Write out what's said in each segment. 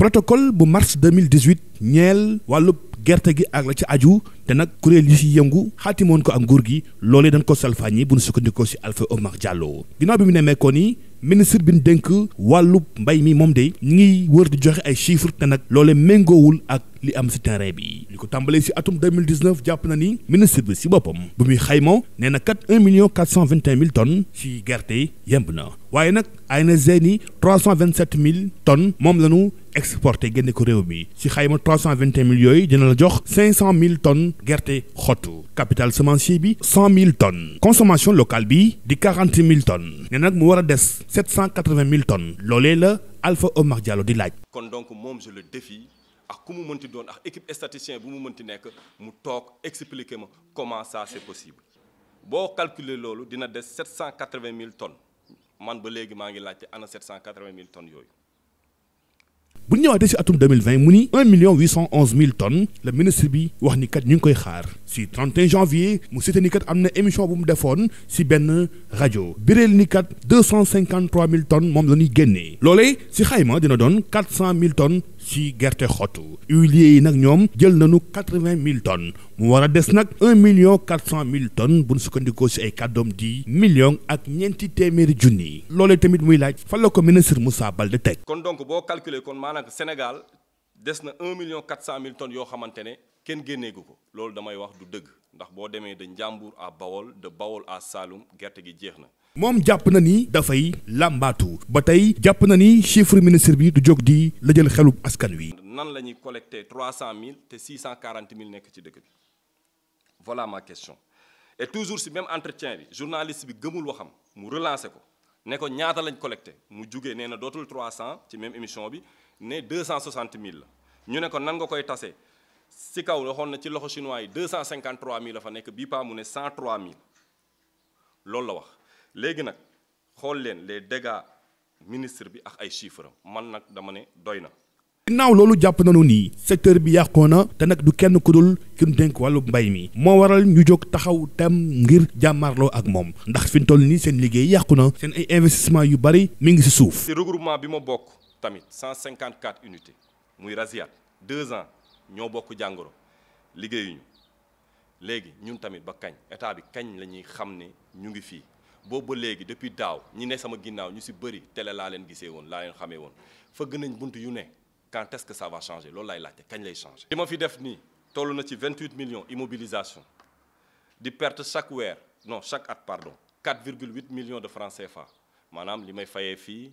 protocole bu mars 2018 ñeel wàllub gerte gi ak la ci aju te nag kuréel yi ci yëngu moon ko ak nguur gi loolee dañ ko salfaañi bu nu sukkandikoo ci Alpha Omar Diallo ginnaaw bi mu nemmeekoo ni ministre bi ñu dénk wàllub mbay mi moom de ñi ngi wër di joxe ay chiffres te nag loolee méngoowul ak li am ci terrain bi. ko tàmbalee si atum 2019 jàpp na ni ministre bi si boppam bu muy xayma nee na kat 1 million 421 mille tonnes ci gerte yemb na waaye nag ANAZ ni 327 mille tonnes moom la ñu exporté génne ko réew mi si xayma 321 mille yooyu dina la jox 500 mille tonnes gerte xottu capital semencier bi 100 mille tonnes consommation locale bi di 40 mille tonnes nee mu war a des 780 mille tonnes loolee la Alpha Omar Diallo di laaj. kon donc moom je le défie. ak ku mu mënti doon ak équipe statisticien bu mu mënti nekk mu toog expliquer ma comment ça c'est possible boo calculer loolu dina des 780 000 tonnes man ba léegi maa ngi laajte ana 780 000 tonnes yooyu. bu ñu ñëwaatee si atum 2020 mu ni 1 million 811 mille tonnes la ministre bi wax ni kat ñu ngi koy xaar si 31 janvier mu cité ni kat am na émission bu mu defoon si benn rajo biréel ni kat 253 mille ton moom la ñuy génnee loolee si xayma dina doon 400 mille tonnes ci gerte xottu huiliers yi nag ñoom jël nañu quatre-vingt mille tonnes mu war a des nag un million quatre cent mille tonnes bu ñu sukkandikoo ci ay kàddoom di million ak ñeenti téeméeri junni loolee tamit muy laaj fan la ko ministre Moussa Baldé teg. kon donc boo calculer kon maanaam Sénégal des na un million quatre cent mille yoo xamante ne kenn génneegu ko loolu damay wax du dëgg ndax boo demee de Njàmbur a Bawol de Bawol à Saloum gerte gi jeex na. moom jàpp na ni dafay làmbaatu ba tey jàpp na ni chiffre ministre bi du jóg di la jël xelub askan wi. nan la ñuy collecté trois cent mille te six cent quarante mille nekk ci dëkk bi voilà ma question et toujours si même entretien bi journaliste bi gëmul waxam mu relancé ko ne ko ñaata lañ collecté mu jugee nee na dootul trois cent ci même émission bi ne deux cent soixante mille la ñu ne ko nan nga koy tase si kaw loxoon na ci loxo chinois yi deux cent cinquante trois fa nekk bii paa ne cent trois loolu la wax. léegi nag xool leen les dégâts ministre bi ak ay chiffres man nag dama ne doy na. ginnaaw loolu jàpp nañu nii secteur bi yàqoo na te nag du kenn ku dul ki dénk wàllu mbay mi moo waral ñu jóg taxaw tem ngir jàmmaarloo ak moom ndax fi ñu toll nii seen liggéey yàqu na seen ay investissement yu bari mi ngi ci suuf. ci regroupement bi ma bokk tamit 154 unité muy Rasiat deux ans ñoo bokk jàngoro liggéeyuñu léegi ñun tamit ba kañ état bi kañ la ñuy xam ne ñu ngi fii. boobu ba léegi depuis daaw ñi ne sama ginnaaw ñu si bëri tele laa leen gisee woon laa leen xamee woon fëgg nañ bunt yu ne quand est-ce que ça changer loolu laay laajte kañ lay changer. li ma fi def nii toll na ci vingt 28 millions immobilisation di perte chaque weer non chaque at pardon 4,8 millions de francs fa maanaam li may fayee fii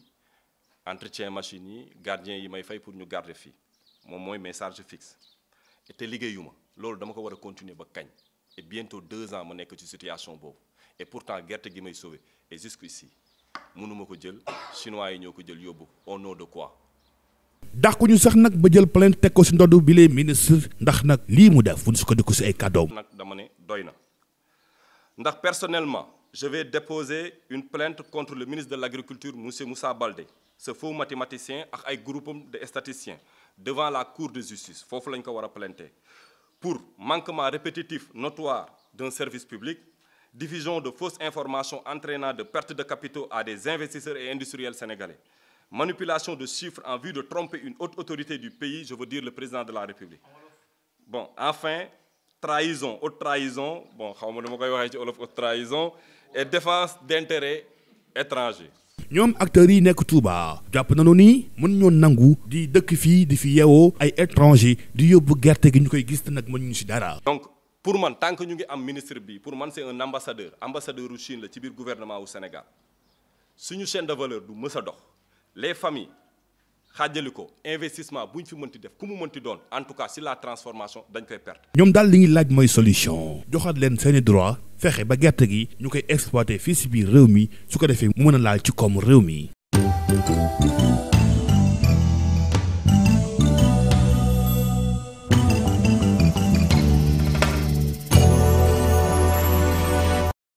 entretien machine yi gardien yi may fay pour ñu garder fii moom mooy message charges fixes te liggéeyuma loolu dama ko war a continuer ba kañ et bientôt deux ans ma nekk ci situation boobu. et pourtant gerte gi may sauvé et jusqu'ici mënuma ko jël chinois yi ñoo ko jël yóbbu au nom de quoi. dàqu ñu sax nag ba jël plainte teg ko si ndodd bi les ministres ndax nag lii mu def fu ñu sukkandiku si ay kàddoom. nag dama ne doy na ndax personnellement je vais déposer une plainte contre le ministre de l' agriculture monsieur Moussa Baldé ce faux mathématicien ak ay groupam de statisticiens devant la cour de justice foofu la ko war a plainter pour manquement répétitif notoire d'un service public. diffusion de fausses informations entraînant de pertes de capitaux à des investisseurs et industriels sénégalais, manipulation de chiffres en vue de tromper une haute autorité du pays, je veux dire le président de la République. Bon, enfin, trahison, haute trahison, bon, xaw ma dama koy waxee ci olof haute trahison et défense d'intérêts étrangers. ñoom acteurs yi nekk Touba jàpp nañu ni mën ñoo nangu di dëkk fii di fi yeewoo ay étrangers di yóbbu gerte gi ñu koy gis te nag mënuñu ci dara. donc pour man tant que ñu ngi am ministre bi pour man c'est un ambassadeur ambassadeur Chine la ci biir gouvernement wu Sénégal suñu chaîne de valeur du mës a dox les familles xaajali ko investissement bu ñu fi mënti def ku mu mënti doon en tout cas si la transformation dañ koy perte. ñoom daal li ñuy laaj mooy solution. joxaat leen seeni droit fexe ba gerte gi ñu koy exploité fii si biir réew mi su ko defee mu mën a laal ci koomu réew mi.